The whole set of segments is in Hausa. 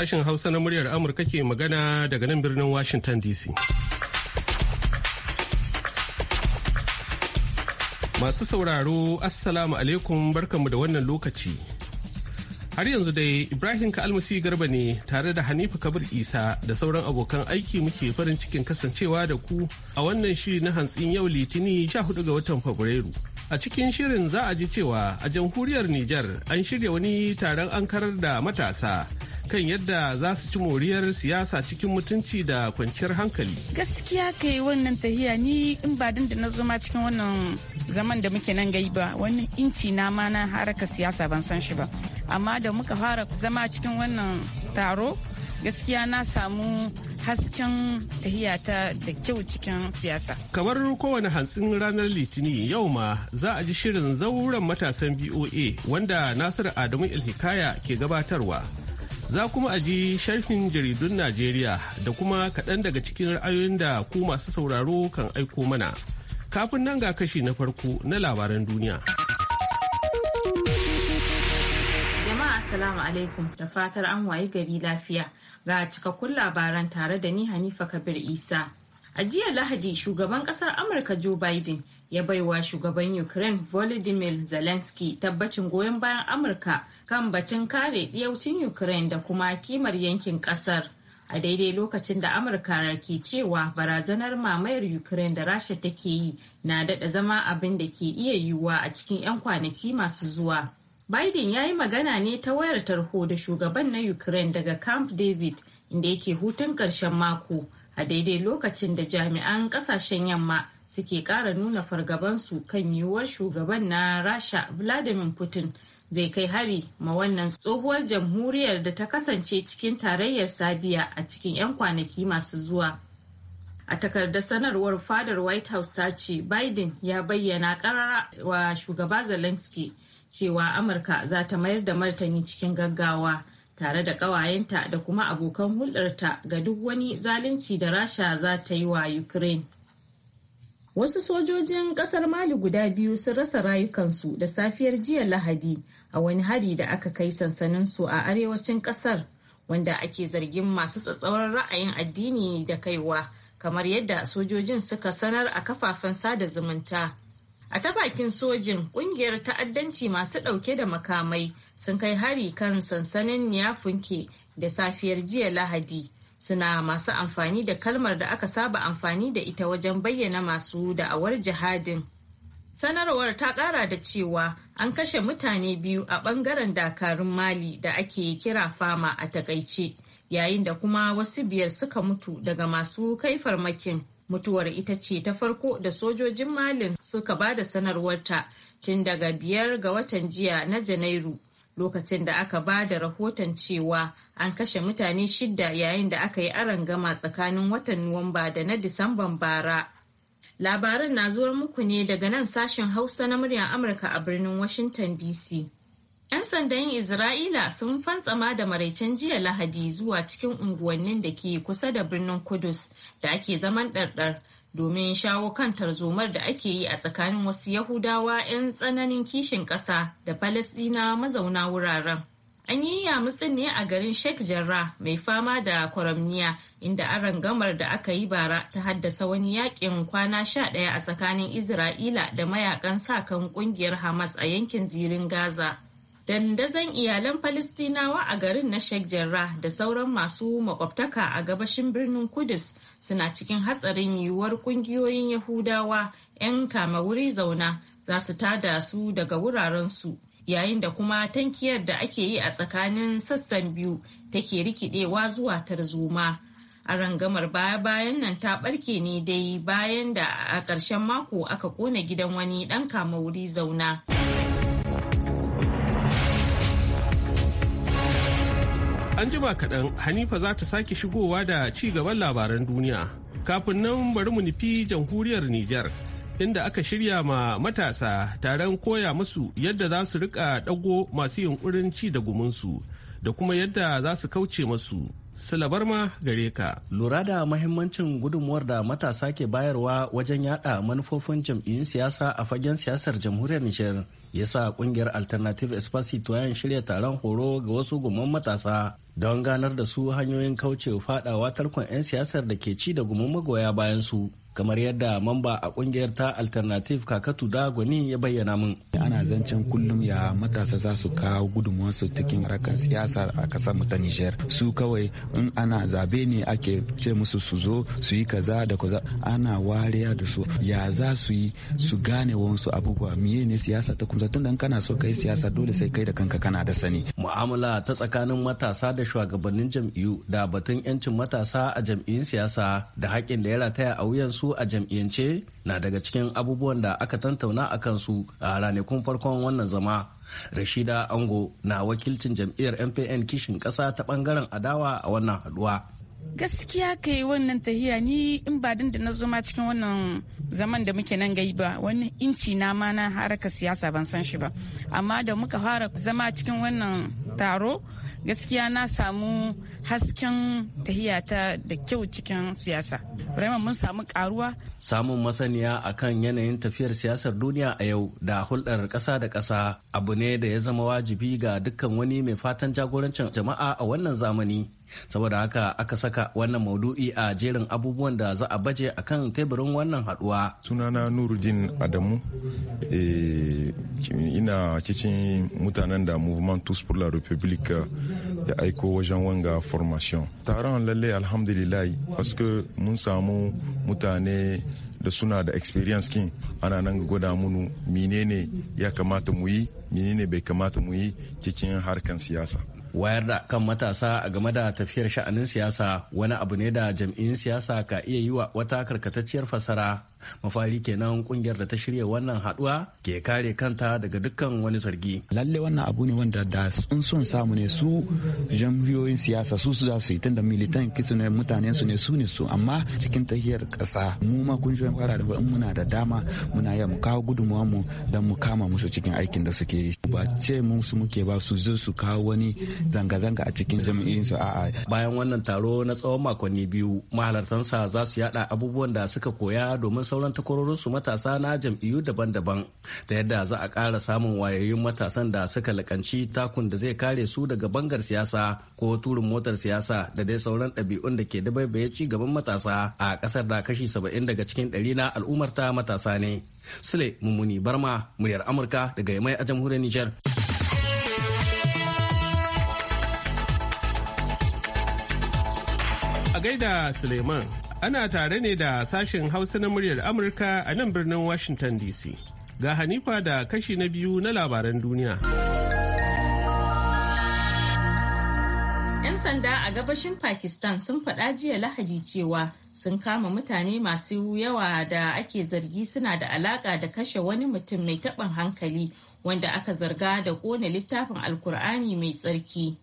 Sashen Hausa na muryar Amurka ke magana daga nan birnin Washington DC. Masu sauraro, Assalamu alaikum barkanmu da wannan lokaci. Har yanzu dai Ibrahim Ka'almasi Garba ne tare da Hanifa Kabir Isa da sauran abokan aiki muke farin cikin kasancewa da ku a wannan shiri na hantsin yau Litini 14 ga watan Fabrairu. A cikin shirin za a ji cewa a jamhuriyar Nijar an shirya wani taron an karar da matasa kan yadda za su ci moriyar siyasa cikin mutunci da kwanciyar hankali. Gaskiya kai wannan tahiya ni in ba da na zo ma cikin wannan zaman da muke nan gai ba wannan inci na ma na haraka siyasa ban san shi ba. Amma da muka fara zama cikin wannan taro gaskiya na samu hasken tahiyata da kyau cikin siyasa. Kamar kowane hantsin ranar Litinin yau ma za a ji shirin zauren matasan BOA wanda Nasiru Adamu Ilhikaya ke gabatarwa Za kuma a ji sharhin jaridun Najeriya da kuma kaɗan daga cikin ra'ayoyin da ku masu sauraro kan aiko mana. Kafin nan ga kashi na farko na labaran duniya. Jama'a Assalamu alaikum da fatar an wayi gari lafiya ga cikakkun labaran tare da ni Hanifa Kabir Isa. A jiya Lahadi shugaban kasar Amurka Joe Biden ya baiwa shugaban Ukraine Volodymyr Zelensky tabbacin goyon bayan Amurka kan batun kare ɗiyaucin Ukraine da kuma kimar yankin ƙasar. A daidai lokacin da Amurka ke cewa barazanar mamayar Ukraine da Rasha take yi na daɗa zama abin da ke iya yiwuwa a cikin 'yan kwanaki masu zuwa. Biden ya yi magana ne ta wayar tarho da shugaban na Ukraine daga Camp David inda yake hutun ƙarshen mako a daidai lokacin da jami'an ƙasashen yamma suke ƙara nuna fargabansu kan yiwuwar shugaban na Rasha Vladimir Putin zai kai hari ma wannan tsohuwar jamhuriyar da ta kasance cikin tarayyar sabiya a cikin 'yan kwanaki masu zuwa a takardar sanarwar fadar white house ta ce biden ya bayyana karara wa shugaba zelensky cewa amurka za ta mayar da martani cikin gaggawa tare da kawayenta da kuma abokan hulɗarta ga duk wani zalunci da rasha za ta yi wa ukraine wasu sojojin kasar mali guda biyu sun rasa rayukansu da safiyar jiya lahadi a wani hari da aka kai sansanin su a arewacin kasar wanda ake zargin masu tsatsauran ra'ayin addini da kaiwa kamar yadda sojojin suka sanar a kafafen sada zumunta a ta bakin sojin kungiyar ta'addanci masu ɗauke da makamai sun kai hari kan sansanin niyafunke da safiyar jiya lahadi suna masu amfani da kalmar da aka saba amfani da ita wajen bayyana masu da'awar jihadin sanarwar ta kara da cewa an kashe mutane biyu a bangaren dakarun mali da ake kira fama a takaice yayin da kuma wasu biyar suka mutu daga masu kai farmakin mutuwar ita ce ta farko da sojojin malin suka ba da sanarwarta tun daga biyar ga watan jiya na janairu lokacin da aka ba da rahoton cewa an kashe mutane shidda yayin da aka yi gama tsakanin watan nuwamba da na disamban bara Labaran na zuwar muku ne daga nan sashen Hausa na muryar Amurka a birnin Washington DC. 'Yan sandan Isra'ila sun fantsama da maraicen jiya Lahadi zuwa cikin unguwannin da ke kusa da birnin Kudus da ake zaman ɗarɗar domin shawo kan tarzomar da ake yi a tsakanin wasu Yahudawa 'yan tsananin kishin ƙasa da falasɗina mazauna wuraren. an yi yamutsin ne a garin sheikh jarrah mai fama da kwaramniya inda an rangamar da aka yi bara ta haddasa wani yakin kwana sha ɗaya a tsakanin isra'ila da mayakan sa kan kungiyar hamas a yankin zirin gaza dandazon iyalan falistinawa a garin na sheikh jarrah da sauran masu makwabtaka a gabashin birnin kudus suna cikin hatsarin yiwuwar kungiyoyin yahudawa 'yan kama wuri zauna za su tada su daga wurarensu yayin da kuma tankiyar da ake yi a tsakanin sassan biyu take rikidewa zuwa tarzoma a rangamar baya-bayan nan ta barke ne dai bayan da a ƙarshen mako aka kona gidan wani ɗan kama wuri zauna an jima kaɗan hanifa za ta sake shigowa da ci gaban labaran duniya kafin nan bari mu nufi jamhuriyar niger inda aka shirya ma matasa taron koya musu yadda za su rika dago masu yunkurin ci da gumunsu da kuma yadda za su kauce masu silabar ma gare ka. Lura da mahimmancin gudunmuwar da matasa ke bayarwa wajen yada manufofin jam'iyyun siyasa a fagen siyasar jamhuriyar Nijar. ya sa kungiyar alternative espacito yan shirya taron horo ga wasu gumman matasa don ganar da su hanyoyin kaucewa fadawa tarkon 'yan siyasar da ke ci da gumin magoya bayan su kamar yadda mamba a kungiyar ta alternative kakatu dagwani ya bayyana min ana zancen kullum ya matasa za su kawo su cikin harkar siyasa a kasar mu ta niger. su kawai in ana zabe ne ake ce musu su zo su yi kaza da kaza ana wariya da su ya za su yi su gane wonsu abubuwa miye ne siyasa ta kuma tun kana so kai siyasa dole sai kai da kanka kana da sani mu'amala ta tsakanin matasa da shugabannin jam'iyyu da batun yancin matasa a jam'iyyun siyasa da haƙin da ya rataya a wuyansu su a jam'iyyance na daga cikin abubuwan da aka tantauna a kansu a ranakun farkon wannan zama rashida ango na wakilcin jam'iyyar mpn kishin kasa ta bangaren adawa a wannan haduwa gaskiya ka yi wannan tahiya ni in ba da na zo ma cikin wannan zaman da muke nan gai ba wani inci na ma na haraka siyasa ban san shi ba amma da muka fara zama cikin wannan taro gaskiya na samu hasken tahiyata da kyau cikin siyasa Rema mun samu karuwa samun masaniya akan yanayin tafiyar siyasar duniya a yau da hulɗar ƙasa da ƙasa abu ne da ya zama wajibi ga dukkan wani mai fatan jagorancin jama'a a wannan zamani saboda haka aka saka wannan maudu'i a jerin abubuwan da za a baje a kan teburin wannan haduwa sunana nurudin adamu eh, ina cikin mutanen da movement tous pour la republique ya aiko wajen wanga formation taron lalle alhamdulillah que mun samu mutane da suna da experience kin ana nan gwada munu menene ya kamata mu yi menene bai kamata mu yi cikin harkan siyasa wayar da kan matasa a game da tafiyar sha'anin siyasa wani abu ne da jam'in siyasa ka iya yi wa wata karkatacciyar fasara mafari kenan kungiyar da ta shirya wannan haduwa ke kare kanta daga dukkan wani zargi lalle wannan abu ne wanda da sun son samu ne su jam'iyoyin siyasa su su za su yi tunda militan ne mutanen su ne su ne su amma cikin tahiyar kasa mu ma kungiyoyin fara da muna da dama muna iya mu kawo gudunmuwa mu dan mu kama musu cikin aikin da suke yi ba ce musu muke ba su zo su kawo wani zanga-zanga a cikin jami'in su a'a bayan wannan taro na tsawon makonni biyu mahalartansa za su yada abubuwan da suka koya domin sauran takwarorinsu matasa na jam'iyyu daban-daban ta yadda za a ƙara samun wayoyin matasan da suka lakanci takun da zai kare su daga bangar siyasa ko turin motar siyasa da dai sauran ɗabi'un da ke dabaibaye ci gaban matasa a ƙasar da kashi saba'in daga cikin ɗari na al'ummar ta matasa ne. Sule Mummuni Barma, muryar Amurka daga Yamai a jamhuriyar Nijar. gaida Suleiman Ana tare ne da sashen Hausa na muryar Amurka a nan birnin Washington DC. Ga Hanifa da kashi na biyu na labaran duniya. 'Yan sanda a gabashin Pakistan sun faɗa jiya Lahadi cewa sun kama mutane masu yawa da ake zargi suna da alaƙa da kashe wani mutum mai taɓin hankali wanda aka zarga da kone littafin Alkur'ani mai tsarki.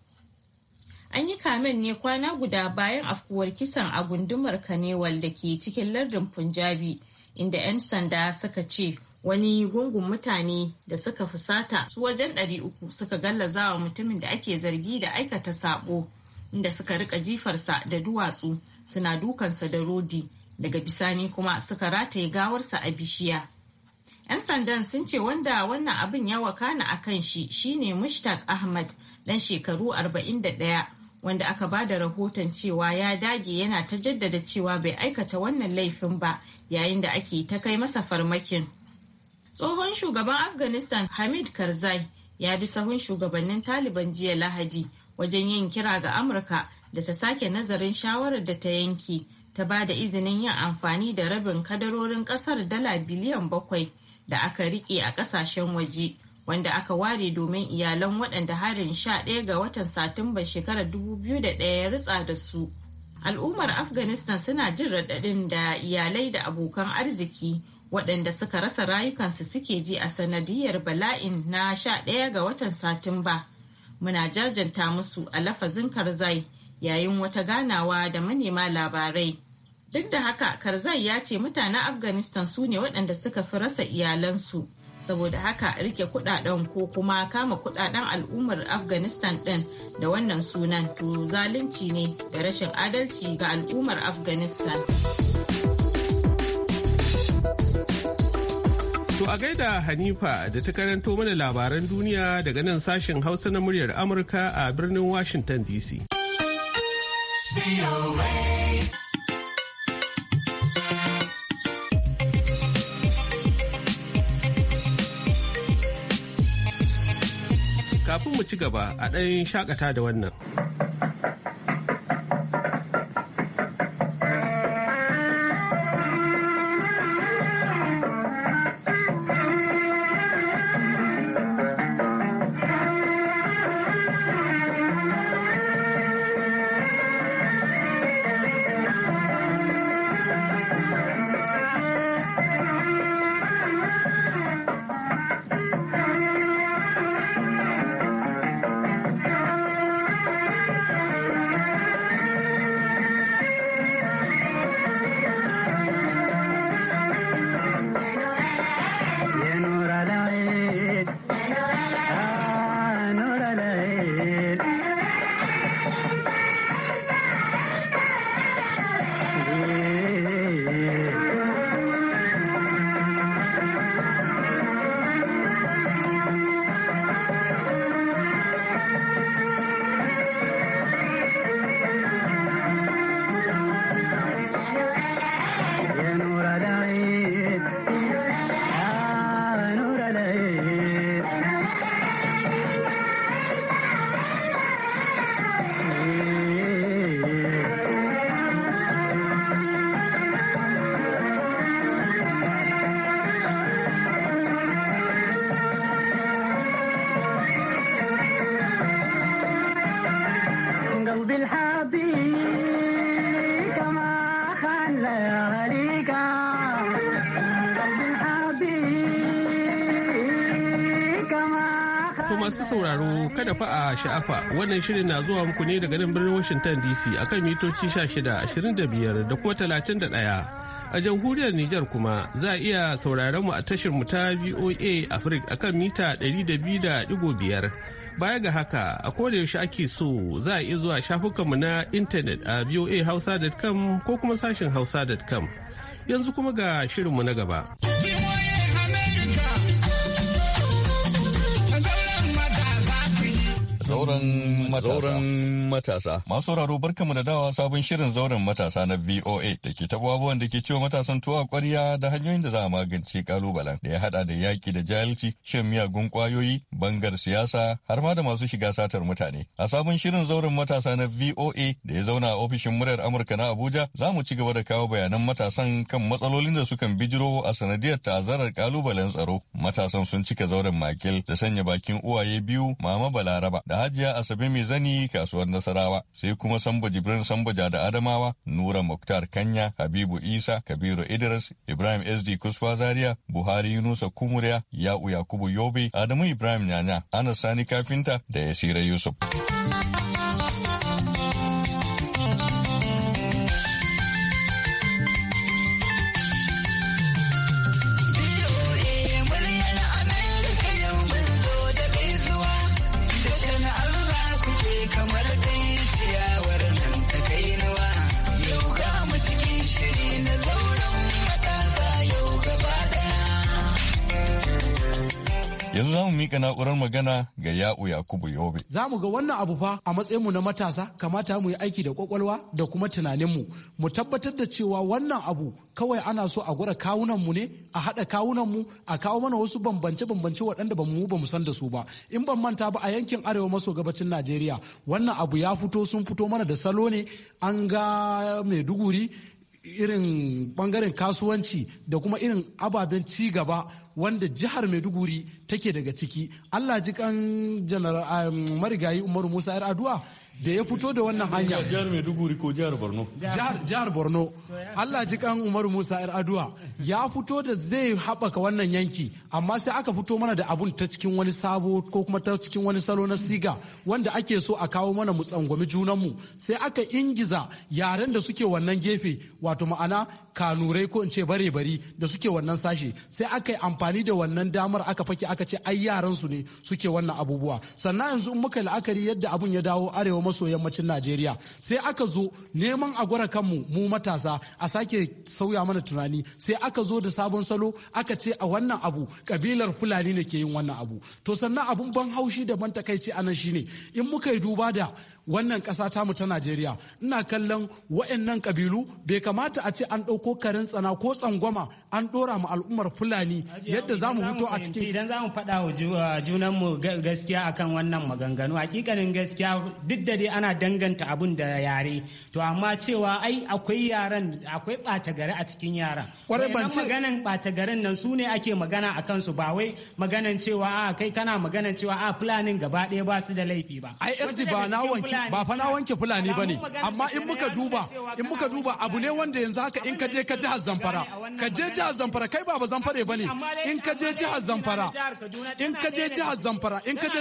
an yi kamen ne kwana guda bayan afkuwar kisan a gundumar kanewal da ke cikin lardin punjabi inda 'yan sanda suka ce wani gungun mutane da suka fusata su wajen ɗari uku suka gallaza wa mutumin da ake zargi da aikata sabo inda suka rika jifarsa da duwatsu suna dukansa da rodi daga bisani kuma suka rataye gawarsa a bishiya 'yan sandan sun ce wanda wannan abin ya wakana a kan shi shine mushtaq ahmad dan shekaru 41 wanda aka ba da rahoton cewa ya dage yana ta jaddada cewa bai aikata wannan laifin ba yayin da ake ta kai masa farmakin. Tsohon shugaban Afghanistan Hamid Karzai ya bi sahun shugabannin Taliban jiya Lahadi wajen yin kira ga Amurka da ta sake nazarin shawarar da ta yanki ta ba da izinin yin amfani da rabin kadarorin kasar dala biliyan bakwai da aka rike a kasashen waje wanda aka ware domin iyalan waɗanda harin sha 11 ga watan satumba shekarar 2001 ya ritsa da su al'ummar afghanistan suna jin raɗaɗin da iyalai da abokan arziki waɗanda suka rasa rayukansu suke ji a sanadiyar bala'in na sha 11 ga watan satumba muna jajanta musu a lafazin karzai yayin wata ganawa da manema labarai duk da haka karzai ya ce mutanen afghanistan su ne waɗanda suka fi rasa iyalansu saboda haka rike kudaden ko kuma kama kudaden al'ummar afghanistan din da wannan sunan to zalunci ne da rashin adalci ga al'ummar afghanistan to a gaida hanifa da ta karanto mana labaran duniya daga nan sashen hausa na muryar amurka a birnin washington dc kafin mu ci gaba a ɗan shakata da wannan. kada fa a sha'afa wannan shirin na zuwa muku ne daga nan birnin Washington DC akan mitoci 16-25 da kuma 31. A jamhuriyar Nijar kuma za a iya sauraron mu a tashar mu ta VOA Africa akan mita 200.5. Baya ga haka a koda yaushe ake so za a iya zuwa shafukanmu na intanet a voahausa.com ko kuma sashin hausa.com. Yanzu kuma ga shirinmu na gaba. zauren matasa. Masu sauraro barkamu da dawa sabon shirin zauren matasa na VOA da ke taɓa abubuwan da ke ciwo matasan tuwa ƙwarya da hanyoyin da za a magance ƙalubalen da ya haɗa da yaƙi da jahilci, shan miyagun ƙwayoyi, bangar siyasa har ma da masu shiga satar mutane. A sabon shirin zauren matasa na VOA da ya zauna a ofishin muryar Amurka na Abuja za mu ci gaba da kawo bayanan matasan kan matsalolin da sukan bijiro a sanadiyar tazarar ƙalubalen tsaro. Matasan sun cika zauren makil da sanya bakin uwaye biyu mama balaraba da Hajiya Asabe mai zani kasuwar Nasarawa, sai kuma Sambo Jibrin Sambaja da Adamawa, Nura Muktar Kanya, Habibu Isa, Kabiru Idris, Ibrahim SD Kusfa Zaria, Buhari Yunusa Kumuriya, Ya'u Yakubu Yobe, Adamu Ibrahim Nyanya, Anas Sani Kafinta da Yasira Yusuf. Yanzu za mu mika na'urar magana ga Ya'u Yakubu Yobe. Za mu ga wannan abu fa a matsayin mu na matasa kamata mu yi aiki da kwakwalwa da kuma tunaninmu. Mu tabbatar da cewa wannan abu kawai ana so a gwada kawunanmu ne a haɗa kawunanmu a kawo mana wasu bambance-bambance waɗanda ba mu ba mu san da su ba. In ban manta ba a yankin arewa maso gabacin Najeriya wannan abu ya fito sun fito mana da salo ne an ga Maiduguri irin bangaren kasuwanci da kuma irin ababen ci gaba wanda jihar maiduguri take daga ciki allah ji kan um, marigayi umaru musa yar adu'a da ya fito da wannan hanya jihar Maiduguri ko jihar Borno jihar Borno Allah ji kan Umaru Musa yar Aduwa ya fito da zai haɓaka wannan yanki amma sai aka fito mana da abun ta cikin wani sabo ko kuma ta cikin wani salo na siga wanda ake so a kawo mana mu tsangwami junanmu sai aka ingiza yaren da suke wannan gefe wato ma'ana kanurai ko in ce bare bari da suke wannan sashe sai aka yi amfani da wannan damar aka fake aka ce ai yaran su ne suke wannan abubuwa sannan yanzu in muka la'akari yadda abun ya dawo arewa maso yammacin najeriya sai aka zo neman a gwara kanmu mu matasa a sake sauya mana tunani sai aka zo da sabon salo aka ce a wannan abu kabilar fulani ne ke yin wannan abu to sannan abun ban haushi da ban takaici anan shine in muka yi duba da wannan ƙasa mu ta najeriya ina kallon wa'annan kabilu bai kamata a ce an ɗauko karin tsana ko tsangwama an ɗora mu al'ummar fulani yadda za mu huto a cikin idan za mu faɗa wa junanmu gaskiya akan wannan maganganu hakikanin gaskiya duk da dai ana danganta abun da yare to amma cewa ai akwai yaran akwai ɓata gari a cikin yaran kwarai ban ce maganan ɓata garin nan su ne ake magana a kansu ba wai maganan cewa a kai kana maganan cewa a fulanin gaba ɗaya ba su da laifi ba ai ba na wanki ba fa na wanke fulani ba ne amma in muka duba in muka duba abu ne wanda yanzu haka in ka je ka jihar Zamfara ka je jihar Zamfara kai ba ba Zamfare ne in ka je jihar Zamfara in ka je jihar Zamfara in ka je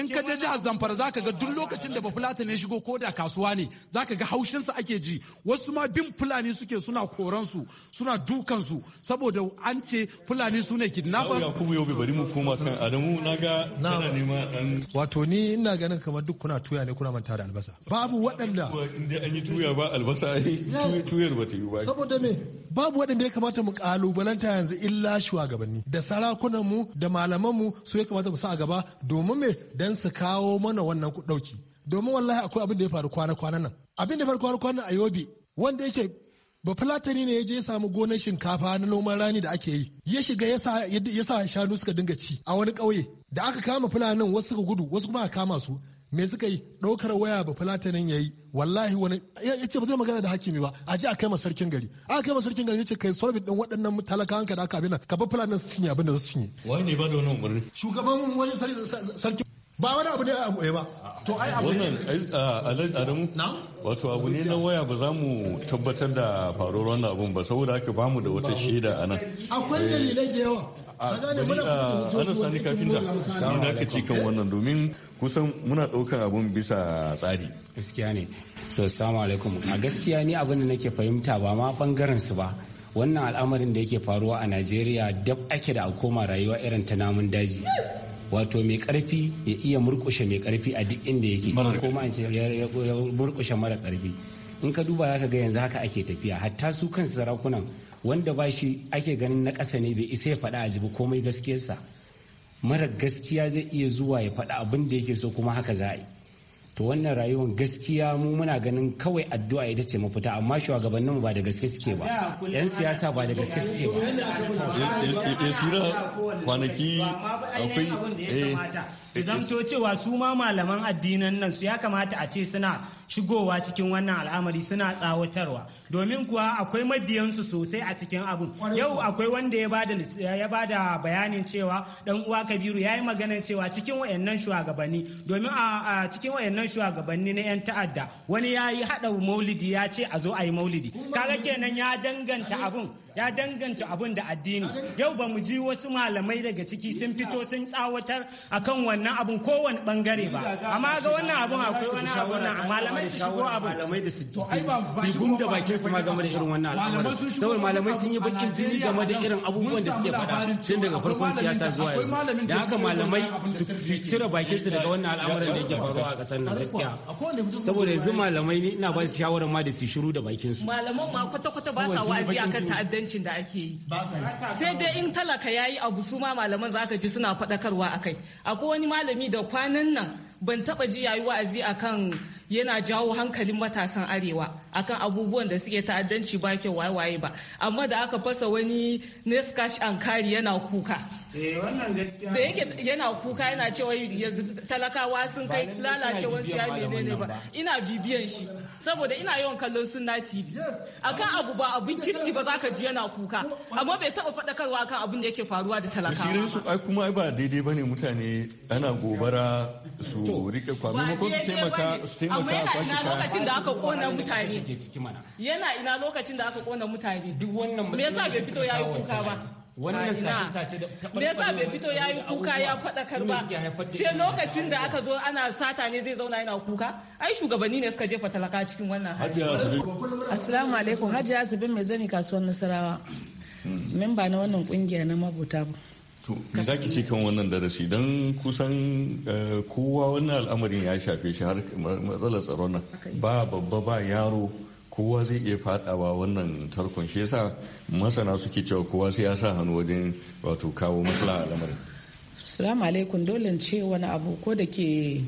in ka je jihar Zamfara zaka ga duk lokacin da ba fulata ne shigo ko da kasuwa ne zaka ga haushin sa ake ji wasu ma bin Fulani suke suna koran su suna dukan su saboda an ce Fulani su ne kidnappers kuma Yobe bari mu koma kan Adamu naga kana nema wato ni ina ganin kamar duk kuna tuya ne kuna manta da albasa babu waɗanda inda an yi tuya ba albasa tuyar ba ta yi ba saboda me babu waɗanda ya kamata mu kalubalanta yanzu illa shugabanni da sarakunan da malaman mu su ya kamata mu sa a gaba domin me dan su kawo mana wannan ɗauki domin wallahi akwai abin da ya faru kwana kwana nan abin da ya faru kwana kwana a yobe wanda yake ba filatani ne ya je ya samu gonar shinkafa na noman rani da ake yi ya shiga ya sa shanu suka dinga ci a wani ƙauye da aka kama fulanin wasu suka gudu wasu kuma aka kama su me suka yi ɗaukar waya ba fulatanin ya yi wallahi wani ya ce ba zai magana da hakimi ba a ji a kai ma sarkin gari a kai ma sarkin gari ya ce kai sorbit ɗin waɗannan talaka hanka da aka abin ka ba fulatanin su cinye abin da su cinye. wani ne ba da wani umarni. shugaban wani sarki ba wani abu ne a goye ba. to ai abu ne. wannan adamu wato abu ne na waya ba za mu tabbatar da faruwar wannan abun ba saboda haka ba mu da wata shaida a nan. akwai dalilai da yawa. ana sani kafinta mun dakace kan wannan domin kusan muna ɗaukar abun bisa tsari gaskiya ne so assalamu alaikum a gaskiya ni abin da nake fahimta ba ma bangaren su ba wannan al'amarin da yake faruwa a najeriya dab ake da a koma rayuwa irin ta namun daji wato mai karfi ya iya murkushe mai karfi a duk inda yake ko ma ce ya murkushe mara karfi in ka duba zaka ga yanzu haka ake tafiya hatta su kansu sarakunan wanda ba shi ake ganin na ƙasa ne bai isa ya faɗa a jibi komai gaskiyarsa mara gaskiya zai iya zuwa ya faɗa abin da yake so kuma haka za a yi to wannan rayuwar gaskiya mu muna ganin kawai addu'a ita ce mafita amma shugabannin mu ba da gaske suke ba yan siyasa ba da gaske suke ba ya eh, eh, sura kwanaki akwai eh, zamto cewa su ma malaman addinan nan su ya kamata a ce suna shigowa cikin wannan al'amari suna tsawatarwa domin kuwa akwai mabiyansu sosai a cikin abun yau akwai wanda ya bada bayanin cewa dan uwa kabiru ya yi magana cewa cikin wayannan shugabanni domin a cikin wayannan sauran shugabanni na 'yan ta'adda wani ya yi haɗa maulidi ya ce a zo a yi maulidi kaga kenan ya danganta abun ya danganta abin da addini yau ba mu ji wasu malamai daga ciki sun fito sun tsawatar akan wannan ko kowane bangare ba amma ga wannan abun akwai wani abun na malamai su shigo abun malamai da su gum da bakin su ma game da irin wannan al'amarin saboda malamai sun yi bakin jini game da irin abubuwan da suke faɗa tun daga farkon siyasa zuwa yanzu da haka malamai su cire bakin su daga wannan al'amarin da yake faruwa a ƙasar nan gaskiya saboda yanzu malamai ne ina ba su shawara ma da su shiru da bakin su malaman ma kwata-kwata ba sa wa'azi akan ta'addanci ta'addancin da ake yi sai dai in talaka ya yi abu su malaman za ka ji suna faɗakarwa a kai akwai wani malami da kwanan nan ban taɓa ji yayi wa'azi akan yana jawo hankalin matasan arewa akan abubuwan da suke ta'addanci ba kyau waye ba amma da aka fasa wani nescash ankari yana kuka Eh, da yake yana kuka yana cewa yanzu talakawa sun kai lalacewar siya menene ba ina bibiyan shi saboda ina yawan kallon sunna tv akan abu ba abin kirki ba za ka ji yana kuka amma bai taba faɗakarwa akan abin da yake faruwa da talakawa shirin su ai kuma ba daidai bane mutane ana gobara su rike kwami ko su taimaka su taimaka a kwashi kaya lokacin da aka kona mutane yana ina lokacin da aka kona mutane duk wannan me yasa bai fito yayi kuka ba wannan sace-sace da me yasa bai fito ya yi kuka ya faɗa karba sai lokacin da aka zo ana sata ne zai zauna yana kuka ai shugabanni ne suka jefa talaka cikin wannan hali assalamu alaikum hajji asibin mai zani kasuwar nasarawa memba na wannan kungiya na mabuta to me zaki ki ce kan wannan darasi don kusan eh, kowa wannan al'amarin ya shafe shi har matsalar tsaron nan ba babba ba yaro kowa zai iya fadawa wannan tarkon shi yasa masana suke cewa kowa sai ya sa hannu wajen wato kawo maslaha lamarin salamu alaikum dole ce wani abu ko da ke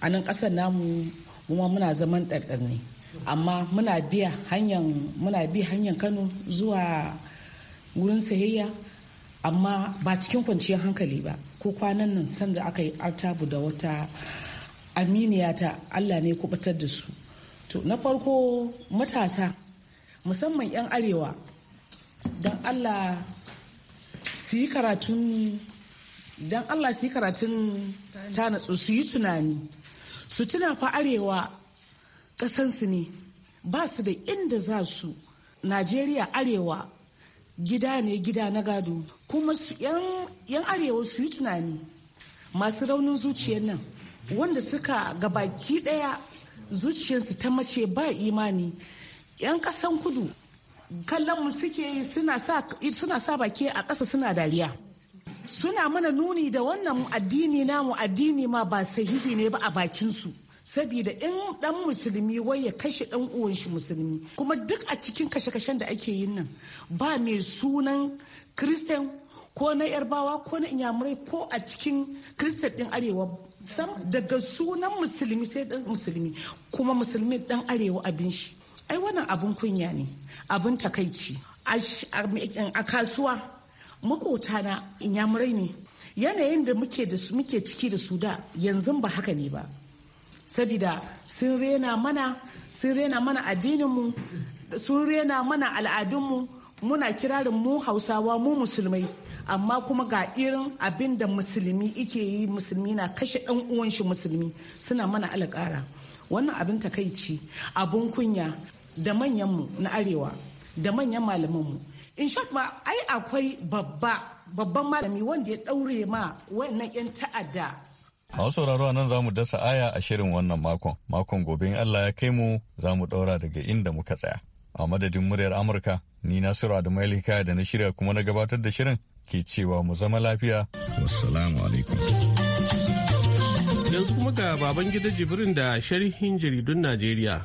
a nan kasar namu kuma muna zaman ɗarɗar ne amma muna biya hanyar muna bi hanyar kano zuwa wurin sayayya amma ba cikin kwanciyar hankali ba ko kwanan nan sanda aka yi artabu da wata aminiyata allah ne kubatar da su to na farko matasa musamman 'yan arewa don allah su yi karatun don allah su yi karatun ta natsu su yi tunani su tuna fa arewa kasansu ne ba su da inda za su najeriya arewa gida ne gida na gado kuma yan arewa su yi tunani masu raunin zuciyar nan wanda suka ga baki daya zuciyarsu ta mace ba imani 'yan kasan kudu kallon mu suke yi suna sa baki a ƙasa suna dariya suna mana nuni da wannan addini namu addini ma ba sahihi ne ba a bakinsu saboda in dan musulmi wai ya kashe dan uwan shi musulmi kuma duk a cikin kashe-kashen da ake yin nan ba mai sunan kristen ko na yarbawa ko na inyamurai ko a cikin kristen din arewa sam daga sunan musulmi sai dan musulmi kuma musulmi dan arewa abin shi ai wannan abin kunya ne abin takaici a kasuwa makota na inyamurai ne yanayin da muke da su muke ciki da su da yanzu ba haka ne ba saboda sun rena mana sun rena mana addininmu sun rena mana al'adunmu muna kirarin mu hausawa mu musulmai amma kuma ga irin abin da musulmi ike yi musulmi na kashe ɗan uwan shi musulmi suna mana alƙara wannan abin takaici abun kunya da manyanmu na arewa da manyan malamanmu in short kuma ai akwai babba babban malami wanda ya daure ma wannan 'yan ta'adda A sauraro a nan za mu dasa aya a shirin wannan makon. Makon gobe in Allah ya kai mu za mu daura daga inda muka tsaya. A madadin muryar Amurka, ni Nasiru Adamu Elika da na shirya kuma na gabatar da shirin ke cewa mu zama lafiya. Wassalamu alaikum. Yanzu kuma ga baban gida jibrin da sharhin jaridun Najeriya.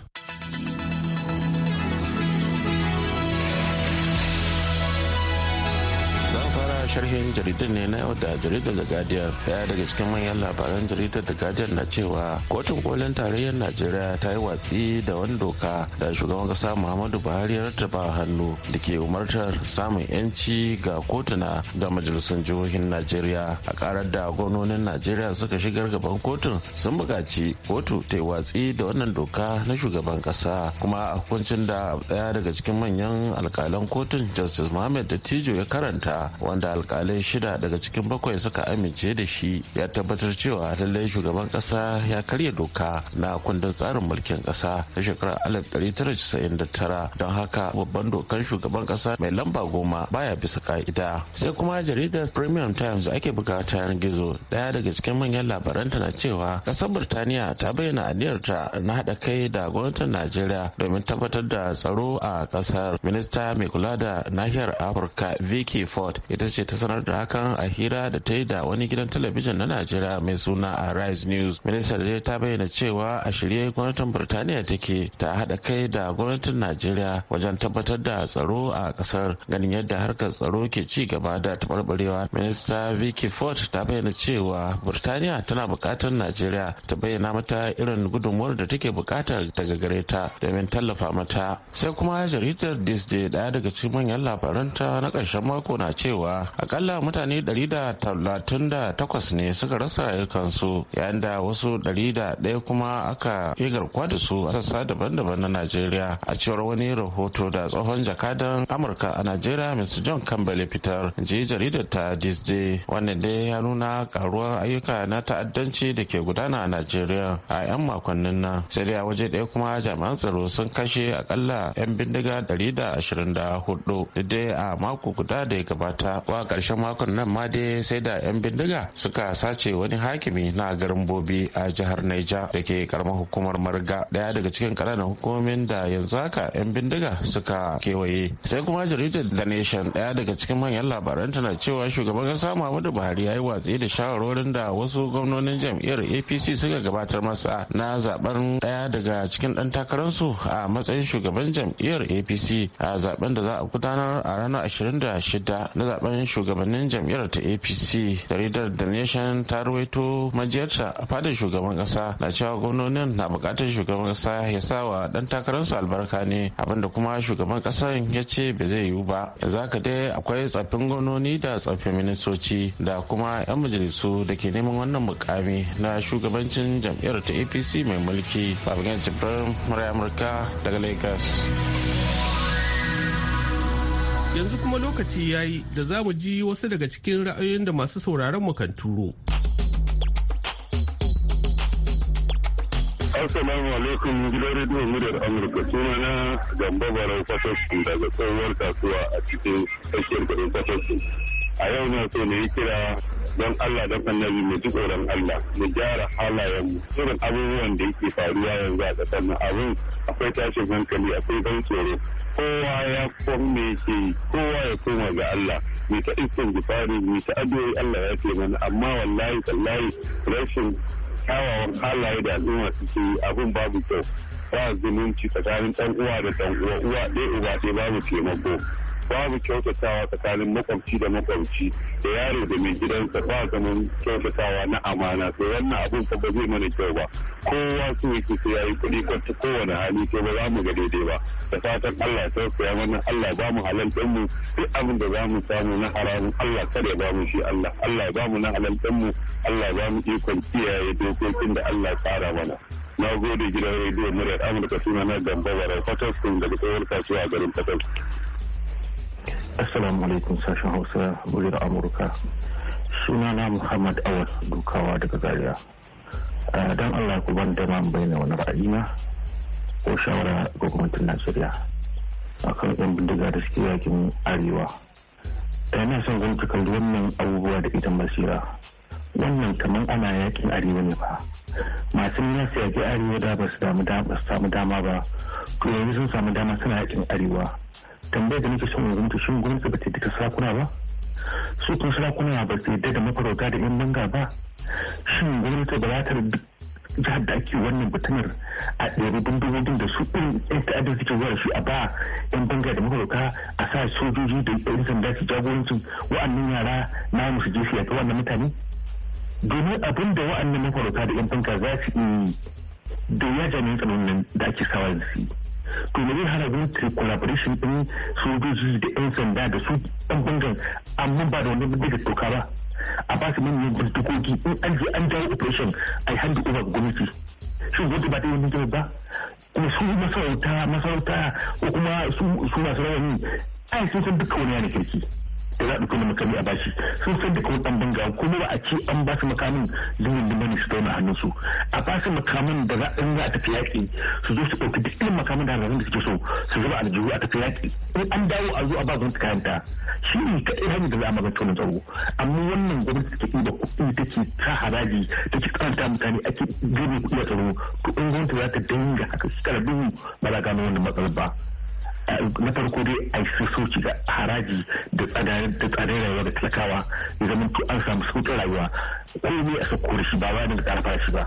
sharhin jaridar ne na yau da jaridar da Guardian. Daya daga cikin manyan labaran jaridar da Guardian na cewa kotun kolin tarayyar Najeriya ta yi watsi da wani doka da shugaban kasa Muhammadu Buhari ya rattaba hannu da ke umartar samun yanci ga kotuna da majalisun jihohin Najeriya. A karar da gwamnonin Najeriya suka shigar gaban kotun sun buƙaci kotu ta yi watsi da wannan doka na shugaban kasa kuma a hukuncin da daya daga cikin manyan alkalan kotun Justice Muhammad Dattijo ya karanta wanda alkalai shida daga cikin bakwai suka amince da shi ya tabbatar cewa lallai shugaban kasa ya karya doka na kundin tsarin mulkin kasa na shekarar 1999 don haka babban dokar shugaban kasa mai lamba goma baya bisa ka'ida sai kuma jaridar premium times ake buga ta yanar gizo daya daga cikin manyan labaranta na cewa kasar birtaniya ta bayyana aniyarta na haɗa kai da gwamnatin najeriya domin tabbatar da tsaro a kasar minista mai kula da nahiyar afirka vicky ford ita ce ta sanar da hakan a hira da ta yi da wani gidan talabijin na najeriya mai suna a rise news minista da ta bayyana cewa a shirye gwamnatin birtaniya take ta haɗa kai da gwamnatin najeriya wajen tabbatar da tsaro a ƙasar ganin yadda harkar tsaro ke ci gaba da taɓarɓarewa minista vicky ford ta bayyana cewa birtaniya tana buƙatar najeriya ta bayyana mata irin gudunmuwar da take buƙata daga gare ta domin tallafa mata sai kuma jaridar disney ɗaya daga cikin manyan labaranta na ƙarshen mako na cewa akalla mutane 138 ne suka rasa rayukansu yayin da wasu 101 kuma aka yi garkuwa da su a sassa daban-daban na najeriya a cewar wani rahoto da tsohon jakadan amurka a najeriya mr john campbell fitar ji jaridar ta day wannan dai ya nuna karuwar ayyuka na ta'addanci da ke gudana a najeriya a 'yan makonnin nan sai dai a waje ɗaya kuma jami'an tsaro sun kashe akalla 'yan bindiga 124 da dai a mako guda da ya gabata karshen makon nan ma dai sai da 'yan bindiga suka sace wani hakimi na garin bobi a jihar naija da ke karamar hukumar marga daya daga cikin ƙananan hukumomin da yanzu haka 'yan bindiga suka kewaye sai kuma jaridar the nation daya daga cikin manyan labaran tana cewa shugaban kasa muhammadu buhari ya yi watsi da shawarorin da wasu gwamnonin jam'iyyar apc suka gabatar masa na zaben daya daga cikin dan takararsu a matsayin shugaban jam'iyyar apc a zaben da za a gudanar a ranar 26 na zaben shugaban shugabannin jam'iyyar ta apc da jaridar the nation ta ruwaito majiyarta a fadar shugaban kasa na cewa gwamnonin na bukatar shugaban kasa ya sa wa dan takararsu albarka ne abinda kuma shugaban kasan ya ce ba zai yiwu ba yanzu ka dai akwai tsaffin gwamnoni da tsaffin ministoci da kuma 'yan majalisu da ke neman wannan mukami na shugabancin jam'iyyar ta apc mai mulki babban jibrin murai amurka daga lagos Yanzu kuma lokaci ya yi da za mu ji wasu daga cikin ra'ayoyin da masu sauraron mu kan turo. Assalamu alaikum gidan rediyon muryar Amurka suna na gamba baran fatasu daga tsohuwar kasuwa a cikin tsakiyar garin fatasu. a yau na so ne kira don Allah don annabi mai duk tsoron Allah mu gyara halayen mu. irin abubuwan da yake faruwa yanzu a ƙasar nan abin akwai tashin hankali akwai ban tsoro kowa ya kwan me kowa ya koma ga Allah mu ta iskan gifari mu ta addu'o'i Allah ya ce mana amma wallahi tallahi rashin kyawawan halaye da al'umma suke yi abin babu kyau ba zumunci tsakanin ɗan uwa da ɗan uwa uwa ɗaya uba ɗaya babu taimako babu kyautatawa tsakanin makwabci da makwabci da yaro da mai gidansa ba zaman kyautatawa na amana to wannan abin fa ba zai mana kyau ba kowa su yake sai yayi kuɗi kwanci kowane hali sai ba za mu ga daidai ba da fatan Allah ya mana Allah ba mu halaltar mu duk abin da za mu samu na haramu. Allah kada da ba mu shi Allah Allah ba mu na halaltar mu Allah ba mu ikon kiyaye dokokin da Allah tsara mana na gode gidan rediyo muryar amurka suna na gamba barau sun daga tsohuwar kasuwa garin fatar Assalamu alaikum sashen Hausa wajen Amurka. Sunana Muhammad Awal dukawa daga Zaria. Don Allah ku ban dama bayyana wani na ko shawara ga gwamnatin Najeriya akan yan bindiga da suke yakin arewa. Ina son zan kalli wannan abubuwa da ita masira. Wannan kamar ana yakin arewa ne ba. Masu nasa yaƙi arewa da ba su samu dama ba. Kuma yanzu sun samu dama suna yakin arewa. tambayar da nake son in gwamnati sun gwamnati ba ta daga sarakuna ba su kuma sarakuna ba su yadda da mafarauta da yan banga ba shin gwamnati ba za ta jihar da ake wannan batunar a ɗaya bindigogin da su ɗin yan ta'adda suke zuwa su a ba yan banga da mafarauta a sa sojoji da yan sanda su jagorancin wa'annan yara na musu jefi a wannan mutane domin abin da wa'annan mafarauta da yan banga za su yi da ya jami'in tsaron da ake sawa da su yi to me zai hana gwamnati collaboration din sojoji da yan sanda da su ɗan bangan amma ba da wani da doka ba a ba su manyan bindigogi in an je an jawo operation a yi hannu over gwamnati shin gwamnati ba ta yi wani ba kuma su masarauta masarauta ko kuma su masu rawani ai sun san duka wani yana kirki da za a ɗauki makami a bashi sun san da kuma ɗan banga kuma ba a ce an ba su makamin zinin da mani su zauna hannun su a ba su makamin da za a za a tafi yaƙi su zo su ɗauki duk irin makamin da hannun da suke so su zuba aljihu a tafi yaƙi in an dawo a zo a ba gwamnati kayan ta shi ne kaɗai hanyar da za a magance wannan tsaro amma wannan gwamnati take ɗiba kuɗi take ta haraji take karanta mutane ake gani kuɗi a tsaro to in gwamnati za ta dinga haka su kara duhu ba za a gano wannan matsalar ba na farko dai a yi soki da haraji da tsadar rayuwa da talakawa ya zama to an samu sauƙin rayuwa ko ne a sauko da shi ba bayan da ƙarfa shi ba.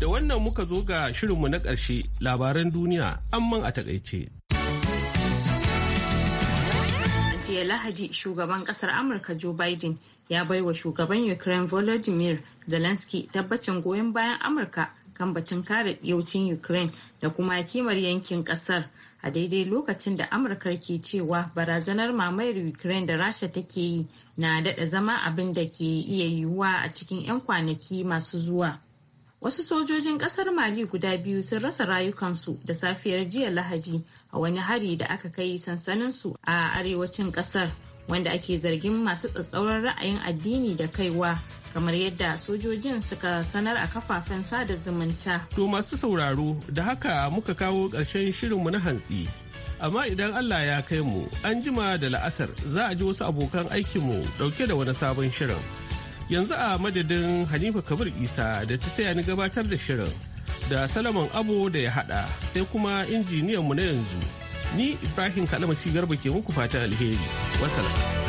Da wannan muka zo ga shirinmu na ƙarshe labaran duniya amman a takaice. jiya lahadi shugaban kasar amurka joe biden ya baiwa shugaban ukraine volodymyr zelensky tabbacin goyon bayan amurka kan batun kare yaucin ukraine da kuma kimar yankin kasar a daidai lokacin da amurka ke cewa barazanar mamayar ukraine da rasha take yi na daɗa zama abin da ke iya yiwuwa a cikin 'yan kwanaki masu zuwa wasu sojojin ƙasar mali guda biyu sun rasa rayukansu da safiyar jiya lahadi a wani hari da aka kai sansaninsu a arewacin ƙasar. wanda ake zargin masu tsatsauran ra'ayin addini da kaiwa kamar yadda sojojin suka sanar a kafafen sada zumunta. To masu sauraro da haka muka kawo ƙarshen shirinmu na hantsi. Amma idan Allah ya kai mu an jima da la'asar za a ji wasu abokan aikinmu ɗauke da wani sabon shirin. Yanzu a madadin Hanifa Kabir Isa da ta taya ni gabatar da shirin da Salaman Abo da ya haɗa sai kuma injiniyanmu na yanzu. Ni Ibrahim Kalamasi Garba ke muku fata alheri. Wasalam.